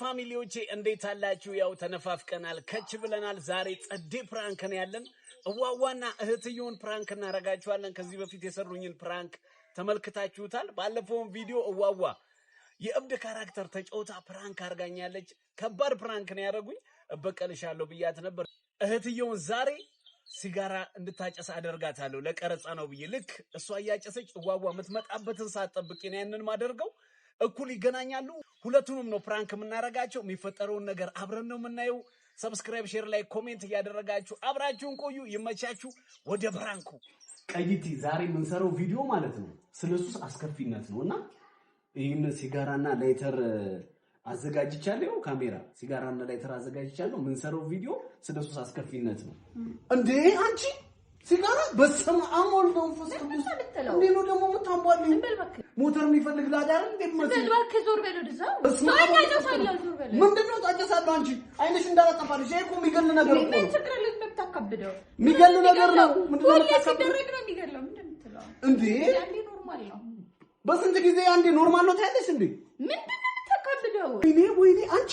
ፋሚሊዎቼ እንዴት አላችሁ? ያው ተነፋፍቀናል፣ ከች ብለናል። ዛሬ ጸዴ ፕራንክን ያለን እዋዋና እህትየውን ፕራንክ እናረጋችኋለን። ከዚህ በፊት የሰሩኝን ፕራንክ ተመልክታችሁታል። ባለፈውን ቪዲዮ እዋዋ የእብድ ካራክተር ተጫውታ ፕራንክ አርጋኛለች። ከባድ ነው ያደረጉኝ እበቀልሻለሁ ብያት ነበር። እህትየውን ዛሬ ሲጋራ እንድታጨስ አደርጋታለሁ ለቀረጻ ነው ብዬ ልክ እሷ እያጨሰች እዋዋ የምትመጣበትን ሰዓት ነው ያንን ማደርገው እኩል ይገናኛሉ። ሁለቱንም ነው ፕራንክ የምናደርጋቸው። የሚፈጠረውን ነገር አብረን ነው የምናየው። ሰብስክራይብ፣ ሼር ላይ ኮሜንት እያደረጋችሁ አብራችሁን ቆዩ። ይመቻችሁ። ወደ ፕራንኩ ቀይቲ ዛሬ የምንሰራው ቪዲዮ ማለት ነው ስለ ሱስ አስከፊነት ነው እና ይህን ሲጋራና ላይተር አዘጋጅቻለሁ። ካሜራ ሲጋራና ላይተር አዘጋጅቻለሁ። የምንሰራው ቪዲዮ ስለ ሱስ አስከፊነት ነው። እንዴ አንቺ ሲጋራ በስመ አብ ወልድ ወመንፈስ ቅዱስ እንዴት ነው ደግሞ የምታቧልኝ? ሞተር የሚፈልግ ላዳር እንዴት ነው? ዞር በል ወደዛ። ምንድን ነው ታጨሳለሁ? አንቺ አይነሽ እንዳላጠፋልሽ። ይሄ እኮ የሚገል ነገር እኮ የሚገል ነገር ነው። እንዴ በስንት ጊዜ አንዴ ኖርማል ነው ታያለሽ እንዴ? ምንድን ነው የምታካብደው? ወይኔ ወይኔ አንቺ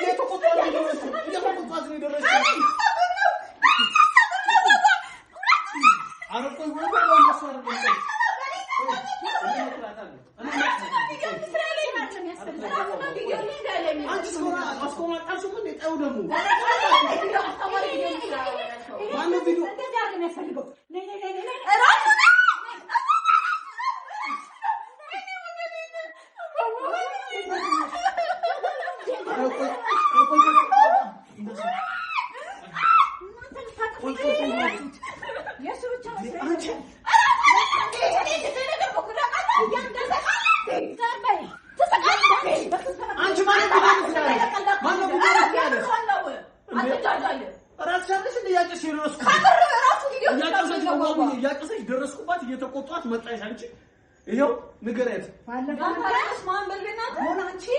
dia takut paling Indonesia. Dia takut paling Indonesia. Arab kau mana kau masuk Arab kau? አንቺ እስከሆነ አንቺ እስከሆነ አንቺ ምን የጣው ደግሞ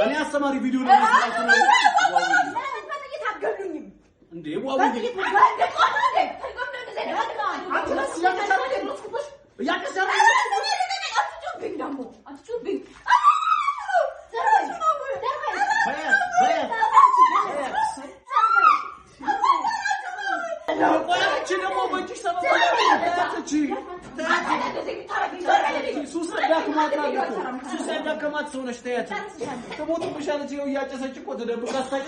እኔ አስተማሪ ቪዲዮ ነው ያዳከማት ሰው ነች። ነው የሚያሰናት።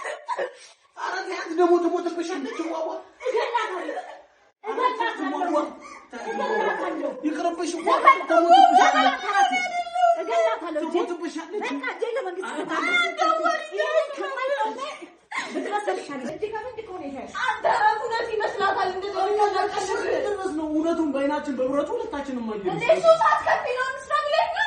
ደግሞ ትሞትብሽ የምትዋዋ ይቅርብሽ እኮ እውነቱን በዓይናችን በብረቱ ሁለታችንም ማየ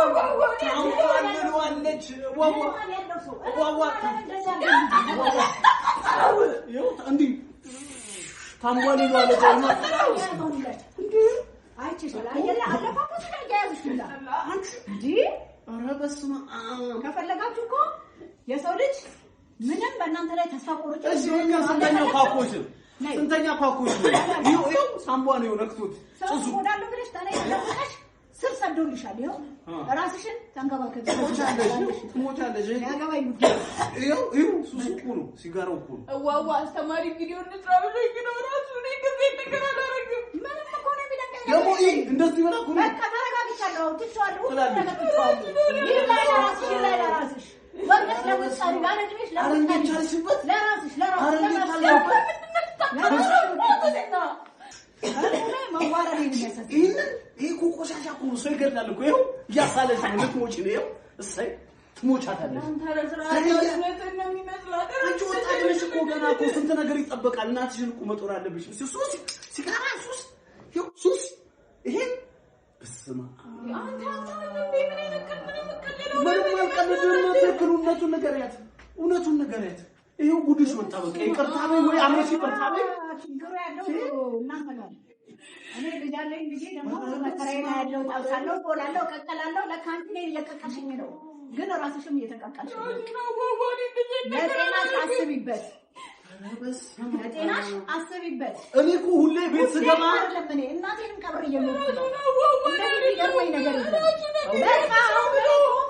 ትለምኗለች። ከፈለጋችሁ እኮ የሰው ልጅ ምንም በእናንተ ላይ ተስፋ ቆርጬ ስንተኛ ፓኮች ስንተኛ ነው? ይኸው ይኸው ሳምቧ ነው ነክቶት ጭሱ ስር ሰዶልሻል። ይኸው ራስሽን ተንከባከቢ። ቆሻሻ እኮ ሰው ስንት ነገር ይጠበቃል። እናትሽን እኮ መጦር አለብሽ። ሱስ ሲጋራ፣ ሱስ ሱስ ይሄን በስመ ምንም አልቀልድም። ትክክሉን እውነቱን ንገሪያት፣ እውነቱን ንገሪያት ይሄው ጉድሽ ወጣ። በቃ ይቅርታ በይ ወይ አመት ይቅርታ በይ። ችግሩ ያለው እናንተ እኔ ልጅ አለኝ። ልጄ ደግሞ መከራዬን አያለው፣ ጣብሳለሁ፣ ቆላለሁ፣ ቀቀላለሁ። ለካ አንቺ ነኝ እየቀቀልሽኝ ነው፣ ግን ራስሽም እየተቀቀልሽ ነው። ለጤናሽ አስቢበት፣ ለጤናሽ አስቢበት። እኔ እኮ ሁሌ ቤት ስገባ ለምን እናቴንም ቀብር እየሞት ነው እንደዚህ ይገርመኝ ነገር ይላል በቃ አሁን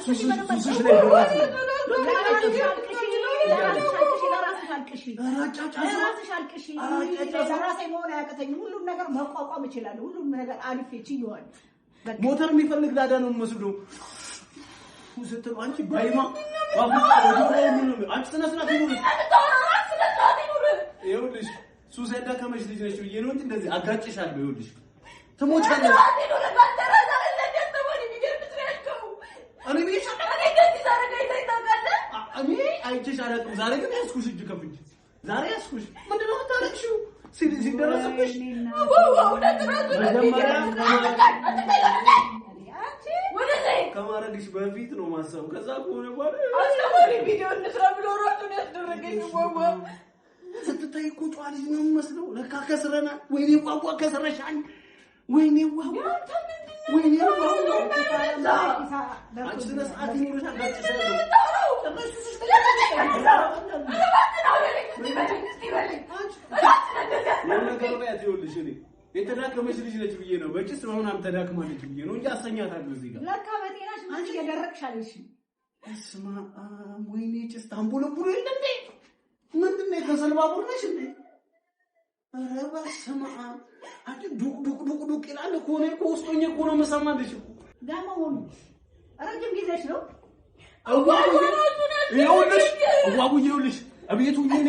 መሆን አያቀተኝም። ነገር ሞተር የሚፈልግ ዳዳ ነው አንቺ ባይማ አንቺ ልጅ ነች ብዬሽ ነው እንጂ እንደዚህ አጋጭሻለሁ። ይኸውልሽ ትሞቻለሽ እኔ ቤት እኔ አይቼሽ አላውቅም። ዛሬ ግን ያዝኩሽ እጅ ከፍንጅ ዛሬ ያዝኩሽ። ምንድን ነው የምታለቅሺው? ሲደረስብሽ ከማድረግሽ በፊት ነው ማሰብ። ከዛ ከሆነ በኋላ ስትታይ እኮ ጨዋ ልጅ ነው የምመስለው። ለካ ከስረና። ወይኔ ቋቋ ከስረሻል። ወይኔ ዋ የተዳከመች ልጅ ነች ብዬ ነው። በጭስ ስለሆነ ተዳክማለች ብዬ ነው እንጂ አስተኛታለሁ። እዚህ ጋር ለካ በጤናሽ አንቺ የደረቅሻለሽ። እስማ ወይኔ ጭስ ታምቦለቡሎ የለ ምንድነው? የተሰልባቡር ነሽ እንዴ? ኧረ በስመ አብ አንድ ዱቅ ዱቅ ዱቅ ዱቅ ይላል እኮ ነው እኮ ውስጥ እኮ ነው የምሰማልሽ እኮ ጋማ ሆኖ ረጅም ጊዜሽ ነው። ይኸውልሽ እዋቡዬ ይኸውልሽ እቤቱ እኔ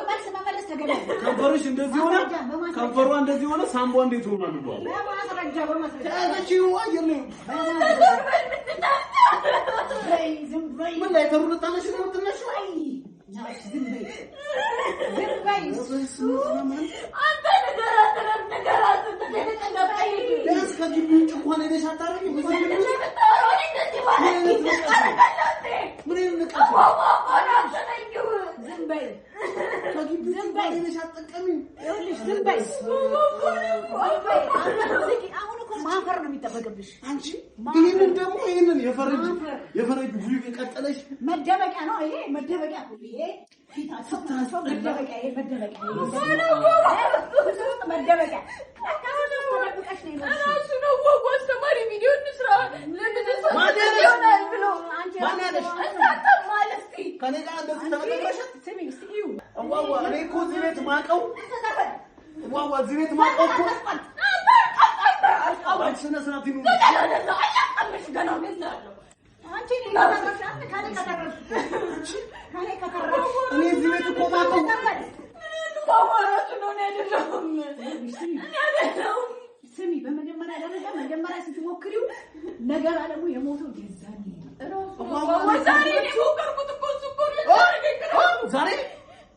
ከንፈሮች እንደዚህ ሆነ፣ ከንፈሯ እንደዚህ ሆነ፣ ሳምቧ እንዴት ሆኗል? ምን Üstün Bey. Beni şatlık kamin. ይኸውልሽ ዝም በይ አሁን እኮ ማፈር ነው የሚጠበቅብሽ። አንቺ ይህንን ደግሞ ይህንን የፈረጅ የፈረጅ ሁ የቀጠለሽ መደበቂያ ነው ይሄ መደበቂያ ነው ይሄ መደበቂያ ይሄ መደበቂያ መደበቂያ ማን ያለሽ ከኔ ጋር እንደዚህ ተመደበሽ ዋዋ እኔ እኮ እዚህ ቤት ማቀው ዋዋ እዚህ ቤት ማቀው እኮ ስነ ስርዓት ይኑር። እኔ እዚህ ቤት እኮ ማቀው ስሚ፣ በመጀመሪያ ደረጃ መጀመሪያ ስትሞክሪው ነገር አለሙ የሞተው የዛኔ ነው። ዛሬ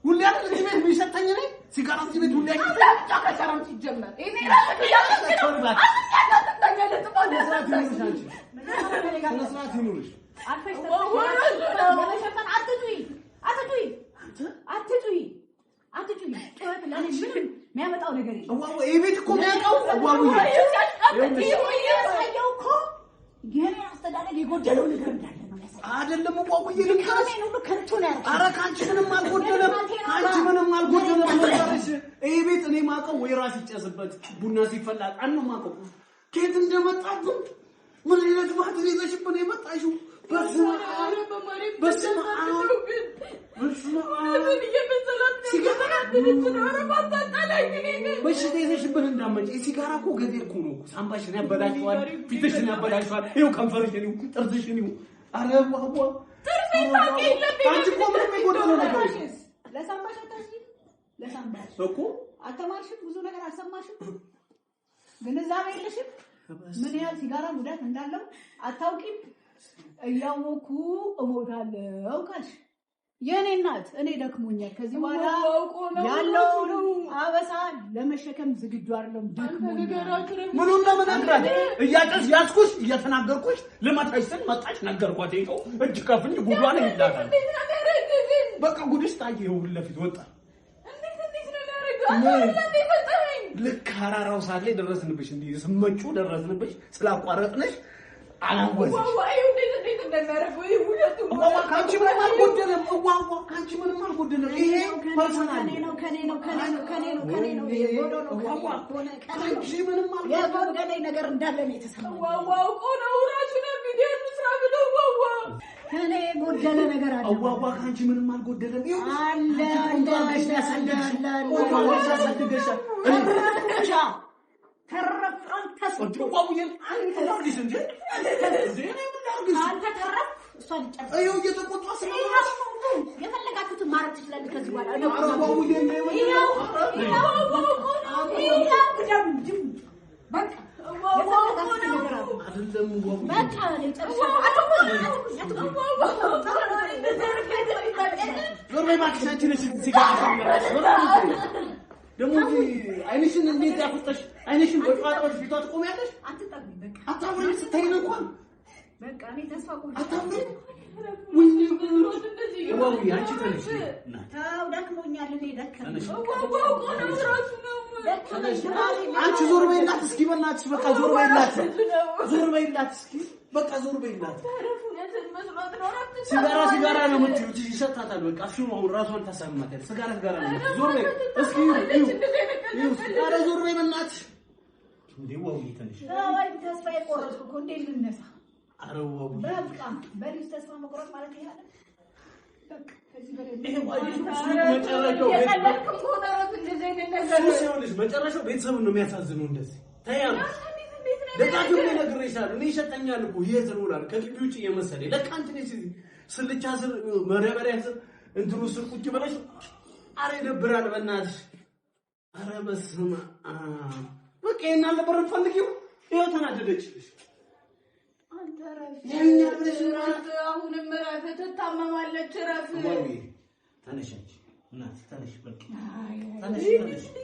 ሁሌ አይደል እዚህ ቤት የሚሸተኝ እኔ ሲጋራ እዚህ ቤት ሁሌ አይደል ሲጀመር የሚያመጣው ነገር የጎደለው ነገር አይደለም ቋቁ ይልካስ ኧረ ከአንቺ ምንም አልጎደለም፣ አንቺ ምንም አልጎደለም። ይሄ ቤት እኔ ማቀው ወይ ራስ ይጨስበት ቡና ሲፈላ ጣን ነው ማቀው። ከየት እንደመጣብን ምን አይነት ባህል ይዘሽብን የመጣሽው? በስመ አብ በስመ አብ በስመ አብ በሽታ ይዘሽብን እንዳመጭ። ሲጋራ እኮ ገዜ እኮ ነው። ሳምባሽን ያበላሸዋል፣ ፊትሽን ያበላሸዋል። ይኸው ከንፈርሽን ይኸው ጥርስሽን ይኸው አረ ወቆ አንቺ እኮ ምንም የጎደለው ነገር እኮ አልተማርሽም፣ ብዙ ነገር አልሰማሽም፣ ግንዛቤ የለሽም። ምን ያህል ሲጋራ ጉዳት እንዳለው አታውቂም። እያወኩ እሞታለሁ ካልሽ የእኔ እናት እኔ ደክሞኛል። ከዚህ በኋላ ያለውን አበሳ ለመሸከም ዝግጁ አይደለም። ደክሞኛል። ምኑ እንደምነግራት እያጨስ ያስኩሽ እየተናገርኩሽ ልመታሽ ስል መጣሽ ነገርኳት። ይኸው እጅ ከፍንጅ ጉዷን ይላታል። በቃ ጉድሽ ታየ። ይኸው ለፊት ወጣ። ልክ አራራው ሰዓት ላይ ደረስንብሽ። እንዲህ ስመጩ ደረስንብሽ። ስላቋረጥንሽ አላወዝሽ እንደሚያደርጉ ሁለቱ አንቺ ምንም አልጎደለም። ይሄ ፐርሰናል ነው የፈለጋችሁትን ማረግ ትችላለህ። ከዚህ በኋላ በቃ ደግሞ አይንሽን እንዴት ያፈጠሽ? አይንሽን በጥዋጥሮች ፊቷ ትቆሚያለሽ። አታምሪም። ስታይ ነው እንኳን በቃ እኔ ተስፋ ቆም አታምሪም። አንቺ ዞር በይላት እስኪ፣ በእናትሽ በቃ ዞር በይላት፣ ዞር በይላት እስኪ በቃ ዞር በይ እናት። ሲጋራ ሲጋራ ነው የምትይው ይሸታታል። በቃ እሱ አሁን ራሷን ታሳምማታል። ሲጋራ ሲጋራ ነው። ዞር በይ እስኪ። ኧረ ዞር በይ በእናትሽ። እንዴ ዋው ትንሽ ተስፋ የቆረጥኩ እኮ እንዴ ልነሳ። ኧረ ዋው በቃ በልጅ ተስፋ መቆረጥ ማለት ይሄ አይደል? በቃ መጨረሻው ቤተሰቡን ነው የሚያሳዝነው እንደዚህ ተያሉ ነገር ይሳሉ? እኔ ይሰጠኛል እኮ የት እንውላለን ከግቢ ውጭ የመሰለኝ ለካ እንትን ስልቻ ስር መረበሪያ ስር እንትኑ ስር ቁጭ ብለሽ አረ ይደብራል። በእናትሽ አረ በስመ አብ በቃ ይሄን ፈልጊው። ይኸው ተናደደችልሽ። አሁንም እረፍ፣ ትታመማለች። እረፍ ተነሽ፣ እናትሽ ተነሽ፣ በቃ ተነሽ፣ ተነሽ ተነሽ በቃ ተነሽ ተነሽ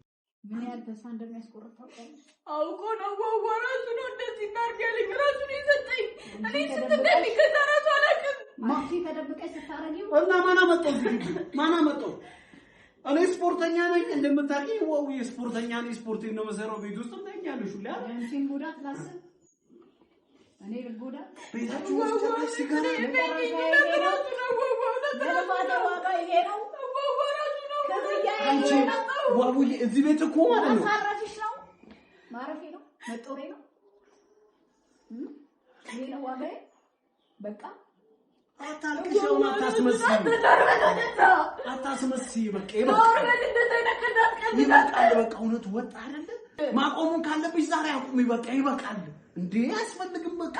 ምን ያህል ተስፋ እንደሚያስቆርጥ ታውቃለህ? አውቆ ነው ዋዋ ራሱ ነው እንደዚህ እናድርግ ያለኝ ነው የሰጠኝ። እኔ ስንት እንደሚገዛ ራሱ አላውቅም። ማፊ ተደብቀሽ ስታረጊ እና ማን አመጣው? ማና አመጣው? እኔ ስፖርተኛ ነኝ እንደምታቂ ወው የስፖርተኛ ነኝ። ስፖርት ነው መሰረው ቤት ውስጥ ታኛለሽ ሁላ አንቺን ጉዳ ትላስብ እኔ ልጎዳ ቤታችሁ ውስጥ ሲጋራ ነው ዋዋ ነው ዋዋ ነው ይሄ ነው አንቺ ዋቡዬ እዚህ ቤት እኮ ማለት ነው ማሳረፍሽ ነው ማረፌ ነው መጦሬ ነው ይሄ ነው ዋጋዬ። በቃ አታልቅሽው፣ አታስመስይ፣ በቃ ይበቃል፣ ይበቃል። በቃ እውነቱ ወጣ አይደለ? ማቆሙን ካለብሽ ዛሬ አቁሚ። በቃ ይበቃል እንዴ! አያስፈልግም። በቃ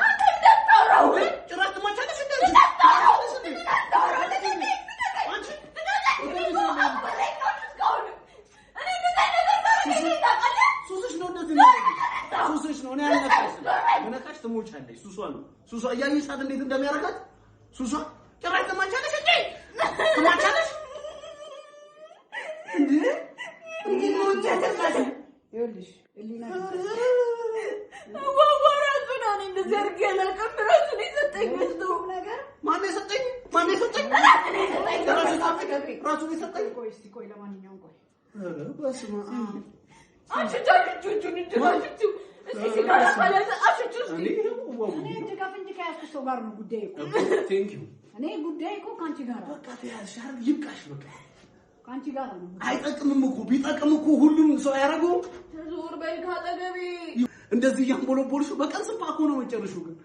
ጭራሽ መቻለሽ እንደ ሱስሽ ነው ነው ያልነካሽ ነካሽ ትሞቻለሽ። ሱሷ ነው ሱሷ እያየሻት እንዴት እንደሚያደርጋት ሱሷ ጭራሽ ትማቻለሽ እንዴ ትማቻለሽ እንዴ ይኸውልሽ እሊና እንደዚህ አድርጌ አላውቅም። እራሱ የሰጠኝ ነገር የሰጠኝ ማነው የሰጠኝ ቆይ ለማንኛውም ቆይ በስመ አብ ሰው ጋር ነው ጉዳይ እኔ ጉዳይ እኮ ከአንቺ ጋር በቃ ተያዝሽ ይብቃሽ በቃ ከአንቺ ጋር አይጠቅምም እኮ ቢጠቅም እኮ ሁሉም ሰው አያደርገውም። ተዞር በይ ካጠገቤ። እንደዚህ እያንቦለቦልሽ በቀን ስንት እኮ ነው መጨረሻው። ግን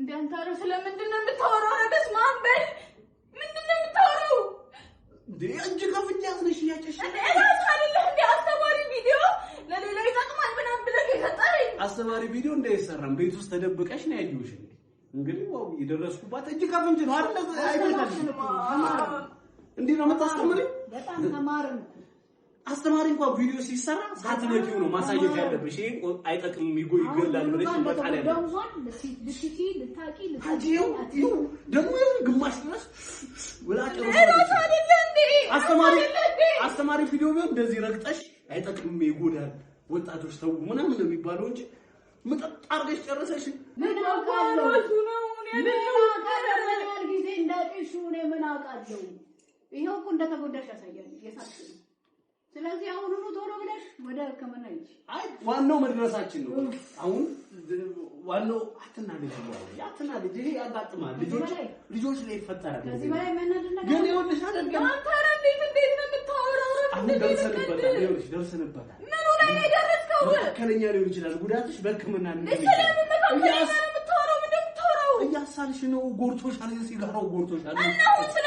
እንደ አንተ ስለምንድን ነው የምታወራው? በስመ አብ በይ ምንድን ነው የምታወራው? እንጂ እያጨሽ አስተማሪ ቪዲዮ ለሌላ ይጠቅማል ምናምን ብለህ የፈጠረኝ አስተማሪ ቪዲዮ እንዳይሰራም ቤት ውስጥ ተደብቀሽ ነው ያየሁሽ። እንግዲህ ዋው የደረስኩባት እጅ ከፍንጅ ነው አይደል? አይደል? እንዴ ነው የምታስተምሪኝ? በጣም ተማርን አስተማሪ እንኳን ቪዲዮ ሲሰራ ሳትነኪው ነው ማሳየት ያለብሽ። ይሄ አይጠቅምም፣ ይጎ ይገላል ብለሽ መጣል ግማሽ ድረስ አስተማሪ አስተማሪ ቪዲዮ ቢሆን እንደዚህ ረግጠሽ አይጠቅምም፣ ይጎዳል፣ ወጣቶች ተው ምናምን ነው የሚባለው እንጂ ምጥጥ አድርገሽ ጨረሰሽ ጊዜ ምን አውቃለሁ። ይኸው እኮ እንደተጎዳሽ ያሳያል። ስለዚህ አሁን ሁሉ ቶሎ ብለሽ ወደ ሕክምና እንጂ አይ ዋናው መድረሳችን ነው። አሁን ዋናው አትናደድ፣ አትናደድ። ይሄ ያጋጥማል። ልጆች ልጆች ላይ ይፈጠራል። ከዚህ በላይ መናደድ ግን ይኸውልሽ፣ አደርገን አንተ እንዴት እንዴት ነው የምታወራው? አሁን ደርሰንበታል። ይኸውልሽ፣ ደርሰንበታል። ምኑ ላይ ነው የደረስከው? መካከለኛ ሊሆን ይችላል ጉዳትሽ። በሕክምና ነው እያሳልሽ ነው። ጎርቶሻል፣ ሲጋራው ጎርቶሻል። እና አሁን ስለ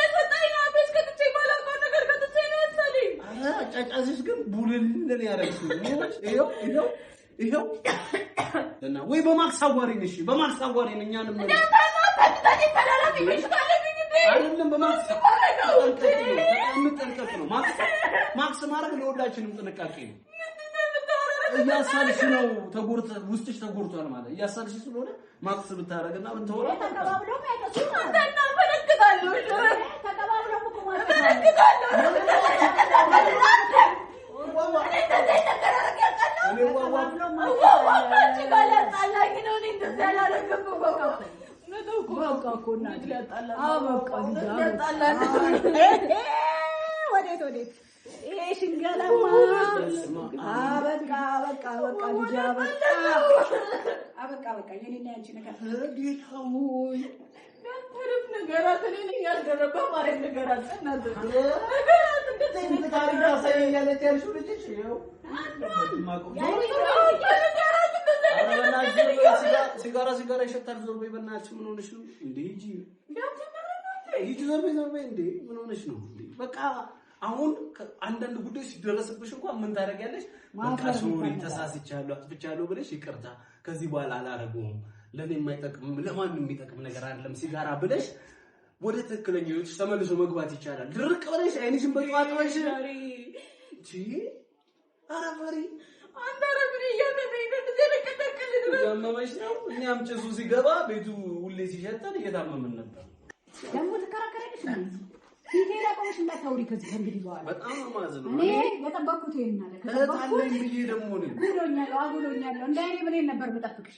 አጫጫሲሽ ግን ቡልልን ያደረግሽ ይኸው ይኸው እና ወይ በማክስ አዋሪ ነሽ፣ በማክስ አዋሪ ነኝ። እኛንም አይደለም በማክስ ነው። ማክስ ማድረግ ለሁላችንም ጥንቃቄ ነው። እያሳልሽ ነው ተጎርተ ውስጥሽ ተጎርቷል ማለት እያሳልሽ ስለሆነ ማክስ ብትወራ ወዴት ወዴት ይሄ በቃ የኔና ያንቺ ነገር ነገራት እኔ ነኝ ያስደረባ ማለት ነገራት ነገራት እንደዚህ አይነት ታሪክ አሳየኛለች ያልሽው ልጅሽ ይኸው ሲጋራ ሲጋራ ይሸታል። ዞር በይ በእናትሽ። ምን ሆነሽ ነው እንዴ? ሂጂ ሂጂ፣ ዞር በይ ዞር በይ። እንዴ ምን ሆነሽ ነው? በቃ አሁን አንዳንድ ጉዳይ ሲደረስብሽ እንኳን ምን ታደርጊያለሽ? በቃ ሶሪ፣ ተሳስቻለሁ፣ አጥፍቻለሁ ብለሽ ይቅርታ ከዚህ በኋላ አላደርገውም ለእኔ የማይጠቅም ለማንም የሚጠቅም ነገር አይደለም ሲጋራ ብለሽ ወደ ትክክለኛው ተመልሶ መግባት ይቻላል። ድርቅ ብለሽ አይንሽን በቅባት ወሽ አረፈሪ አንተ ረብሪ እያመመሽ ነው። እኛም ጭሱ ሲገባ ቤቱ ሁሌ ሲሸጠን እየታመምን ነበር። ደግሞ ትከራከራለሽ ፊቴ ላይ ቆመሽ እንዳታውሪ ከዚህ ከእንግዲህ በኋላ በጣም ነው። እኔ በጠበኩት ይሄን አለ ከጠበኩት ብዬ ደግሞ ነው ብሎኛል። አጉሎኛል። እንደ አይኔ ብሌን ነበር የምጠብቅሽ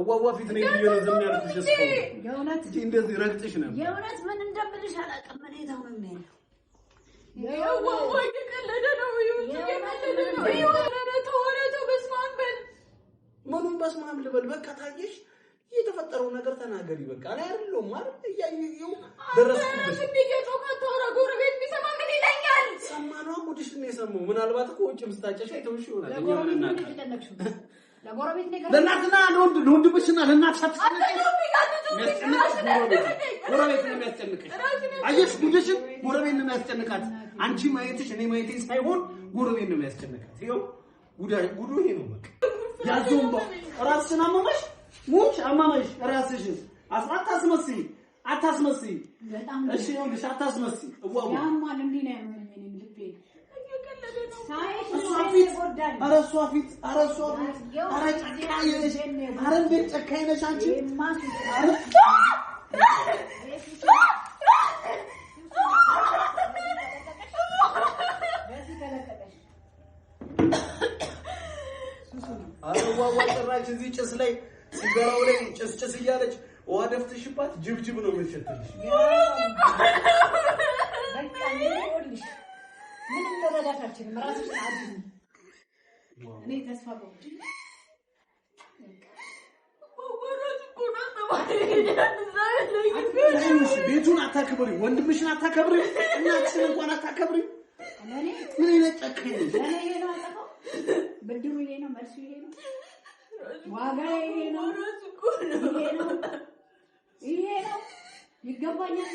እዋዋ ፊት ነው የሚየው ዝም ያልኩሽ እሱ የእውነት እንደዚህ ረግጥሽ ነው የእውነት ምን እንደምልሽ አላውቅም። ምን ይተው ነው የእዋዋ እየቀለደ ነው። ምኑን በስመ አብ ልበል? በቃ ታየሽ፣ የተፈጠረው ነገር ተናገሪ። በቃ እኔ አይደለሁም አይደል? እያየሁ ደረስኩበት። ሰማነው ሙድሽን ነው የሰማው። ምናልባት እኮ ውጭ ምስታጨሽ አይተውሽ ይሆናል። ለእናትና ለወንድ ለወንድምሽና ለእናትሽ ጎረቤት ነው የሚያስጨንቅሽ። አየሽ ሙድሽን ጎረቤት ነው የሚያስጨንቃት። አንቺ ማየትሽ እኔ ማየቴ ሳይሆን ጎረቤት ነው የሚያስጨንቃት። ይኸው ጉዱ ይሄ ነው። በቃ ያዞም ራስሽን አመመሽ፣ ሙች አመመሽ ራስሽን አታስመስይ፣ አታስመስይ። እሺ ይኸውልሽ አታስመስይ። እዋው ያማል እንዴ ነው ኧረ እሷ ፊት ኧረ ፊት ኧረ ጨካኝ ነሽ! ኧረ እንዴት ጨካኝ ነሽ አንቺ! ጭራሽ እዚህ ጭስ ላይ ሲጋራው ላይ ጭስ ጭስ እያለች ውሃ ደፍትሽባት ጅብጅብ ነው የምትሸትልሽ። ምንም መረዳት አልችልም። ራስሽ አዱ እኔ ተስፋ ቆርጬ ቤቱን አታከብሪ፣ ወንድምሽን አታከብሪ፣ እናትሽን እንኳን አታከብሪ። ምን አይነት ጨካኝ ነው! ብድሩ ይሄ ነው፣ መልሱ ይሄ ነው፣ ዋጋ ይሄ ነው፣ ይሄ ነው፣ ይገባኛል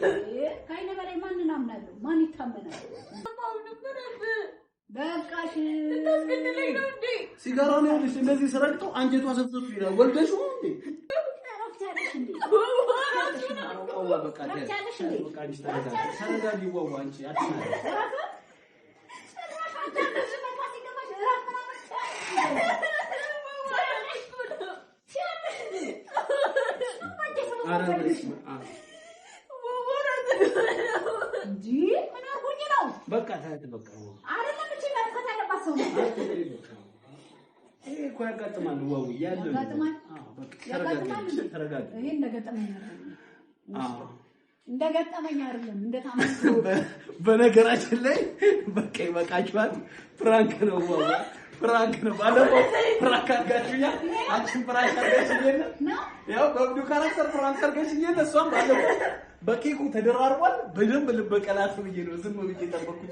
ከአይነ በላይ ማንን አምናለሁ? ማን ይታመናል? ሲጋራ ነው ልጅ እንደዚህ ስረግጠው አንጀቷ ሰብሰብ ይላል። ወልደሽ ነው በስመ አብ በቃ ያጋጥማል። በነገራችን ላይ በቃ ይበቃችኋል። ፍራንክ ነው ዋው ፍራንክ ነው። ባለፈው ፍራንክ አድርጋችሁኛል። አንቺም ፍራንክ አድርጋችሁኛል። ያው በብዱ ካራክተር ፍራንክ አድርጋችሁኛል። እሷም ባለፈው በኬኩ ተደራርቧል። በደንብ ልበቀላት ብዬ ነው ዝም ብዬ የጠበኩት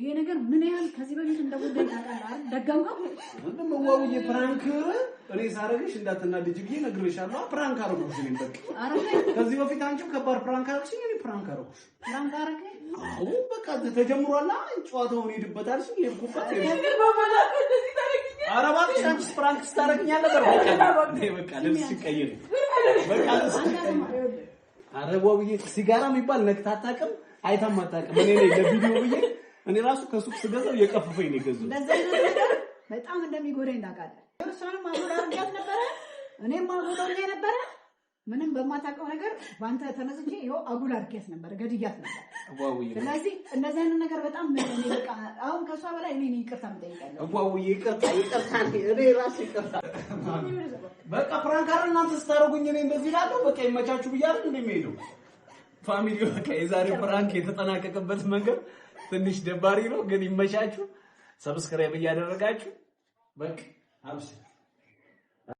ይሄ ነገር ምን ያህል ከዚህ በፊት እንደጎዳኝ ታውቃለህ። ደጋም ወንድም ፍራንክ እኔ ሳረግሽ እንዳትናደጂ ብዬ ነግሬሻለሁ። ፍራንክ አረኩሽ። እኔም በቃ ከዚህ በፊት አንቺም ከባድ ፍራንክ አረኩሽ። እኔ ፍራንክ አረኩሽ። ፍራንክ አረኩሽ። አዎ በቃ ተጀምሯል። ጨዋታውን ሄድበታል። እሺ ይሄ ጉፋት ፕራንክ ስታደርግኛለህ በቃ ሲጋራ የሚባል ነክታ አታውቅም፣ አይታም አታውቅም። እኔ ለቪዲዮ ብዬ እኔ ራሱ ከሱቅ ስገዛው የቀፈፈኝ ነው የገዛው። በጣም እንደሚጎዳኝ ታውቃለህ። እኔም ነበረ ምንም በማታውቀው ነገር በአንተ ተመስጬ ይኸው አጉል አድርጊያት ነበር፣ ገድያት ነበር። ስለዚህ እንደዚህ አይነት ነገር በጣም አሁን ከእሷ በላይ እኔ ይቅርታ እምጠይቃለሁ። እዋውዬ በቃ ፕራንክ እናንተ ስታደርጉኝ እኔ እንደዚህ እላለሁ። በቃ ይመቻችሁ ብያለሁ እንደሚሄደው ፋሚሊ። በቃ የዛሬ ፍራንክ የተጠናቀቀበት መንገድ ትንሽ ደባሪ ነው፣ ግን ይመቻችሁ። ሰብስክራይብ እያደረጋችሁ በቃ አብስ